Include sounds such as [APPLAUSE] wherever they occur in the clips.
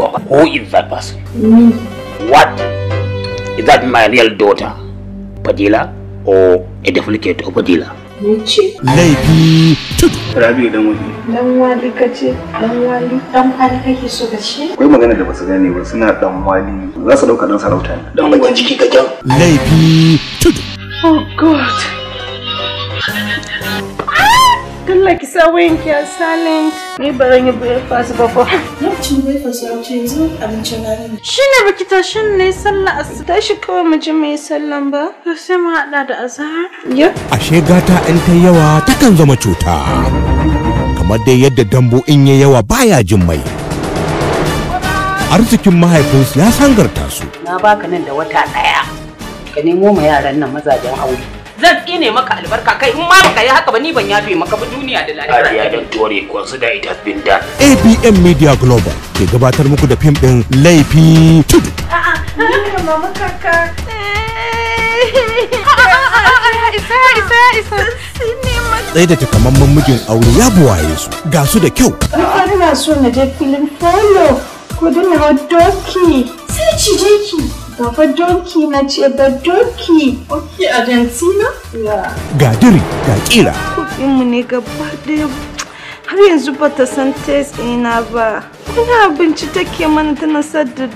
you are. Who is that person? Me. What? Is that my real daughter, Padilla, or a duplicate of Padilla? Lady Laifi dan wani. Dan wali ka dan dan kake so ka ce? magana da basu gane ba suna dan wali za su dauka dan sarauta ne. Dan ka jan. tudu. Oh God. ki sa a silent. Ni ba zan yi breakfast ba ko. Lokacin breakfast ya wuce yanzu abincin rana ne. Shi ne baki tashin ne sallah asu. shi kawai mu ji mai sallan ba. To sai mu haɗa da azhar. Ya. Ashe gata in ta yawa takan zama cuta. Kamar dai yadda dambu in ya yawa baya jin mai. Arzikin mahaifinsu ya sangarta su. Na baka nan da wata ɗaya. Ka nemo ma yaran nan mazajen aure. zan tsine maka albarka kai in ma baka yi haka ba ni ban yafe maka ba duniya da lafiya ya don tore consider it has been done ABM Media Global ke gabatar muku da fim din laifi tudu a'a mama kaka [LAUGHS] tsaye da takamamman mijin aure ya buwaye su ga su da kyau ina so na je filin folo ko na doki sai cije ki Ba fa doki na ce da doki. Ok, Argentina? Ya. Ga diri, ga kira. Kuɗinmu ne gaba ɗaya har yanzu ba ta san test ina ba. Wani abinci take mana tana sa da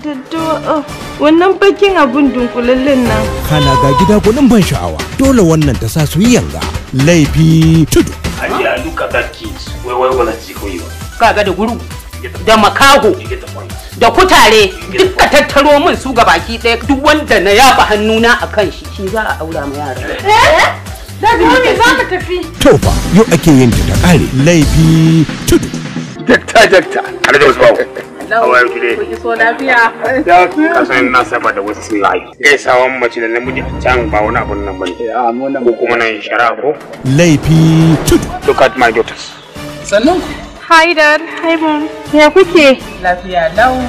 daddawa wannan bakin abin dunkulallin nan. Kana ga gida gwanin ban sha'awa dole wannan ta sa su yi yanga laifi tudu. Ajiya duka that kids wai wai wala ci koyi ba. Ka ga da guru da makago. da kutare duka tattaro min su ga baki ɗaya duk wanda na yafa hannuna a kan shi shi za a aura ma yara. Dadi eh? za ka tafi. To fa yau ake yin ta kare laifi tudu. Dakta dakta. Har da wasu How are you today? Kasan na saba da wasu layi. sawan mace da namiji a can ba wani abun nan bane. Eh, ko kuma nan shara ko? Laifi tudu. Look at my daughters. Sannan Hi dad, hi mom. Ya kuke? Lafiya lau.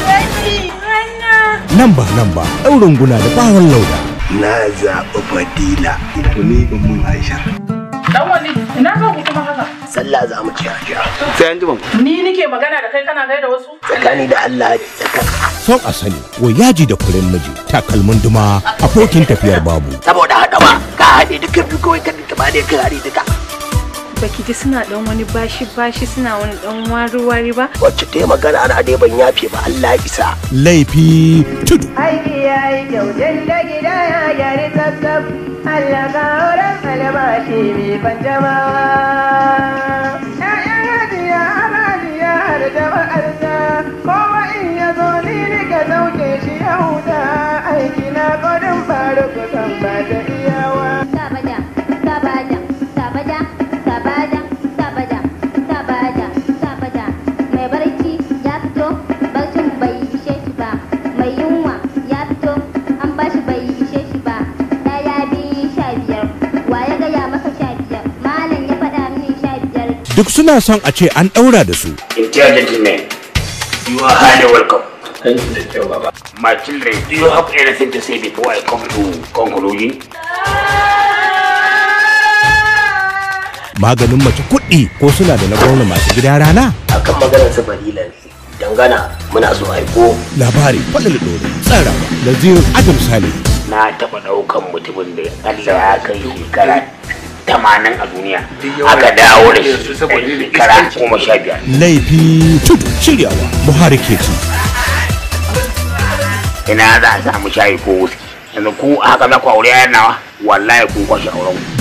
Wani rana. Nan ba nan ba, ɗaurin guna da ɓawon lauda. Na zaɓi Fadila. Ita ne in mun Aisha. Dan wani, ina ka ku kuma haka? Sallah za mu ciya ciya. Sai an jima. Ni nike magana da kai kana da wasu? Tsakani da Allah tsakani. Son a sani, wa yaji da kuren miji, takalmin duma, abokin tafiyar babu. Saboda haɗa ba, ka haɗe duka biyu kawai ka duka ba ne ka haɗe duka. baki suna dan wani bashi bashi suna wani ɗan wari wari ba wacce ta magana na dai ban yafe ba Allah isa laifi tudu aiki yayi kyautan da gida ya gari tsaf Allah ka horan albashi mai fanjamawa ya'yan hajiya amaliya har jama'ar ta kowa in ya zo ni ka sauke shi ya huta aiki na godin faru kusan duk suna son a ce an ɗaura da su. Intelligent men, you are highly welcome. Thank you, Baba. My children, do you have anything to say before I come to conclusion? Maganin mace kuɗi ko suna da na gwamna masu gida rana? Akan maganar su barila ne. Dangana muna so aiko. Labari faɗin ɗori tsarawa Nazir Adam Sale. Na taɓa ɗaukan mutumin da Allah ya kai shekara tamanin a duniya aka dawo da shi shekara goma sha biyar. laifi tudu shiryawa buhari ke ci. ina za a samu shayi ko wuski yanzu ku haka za ku aure yayan nawa wallahi kun kwashe aurenku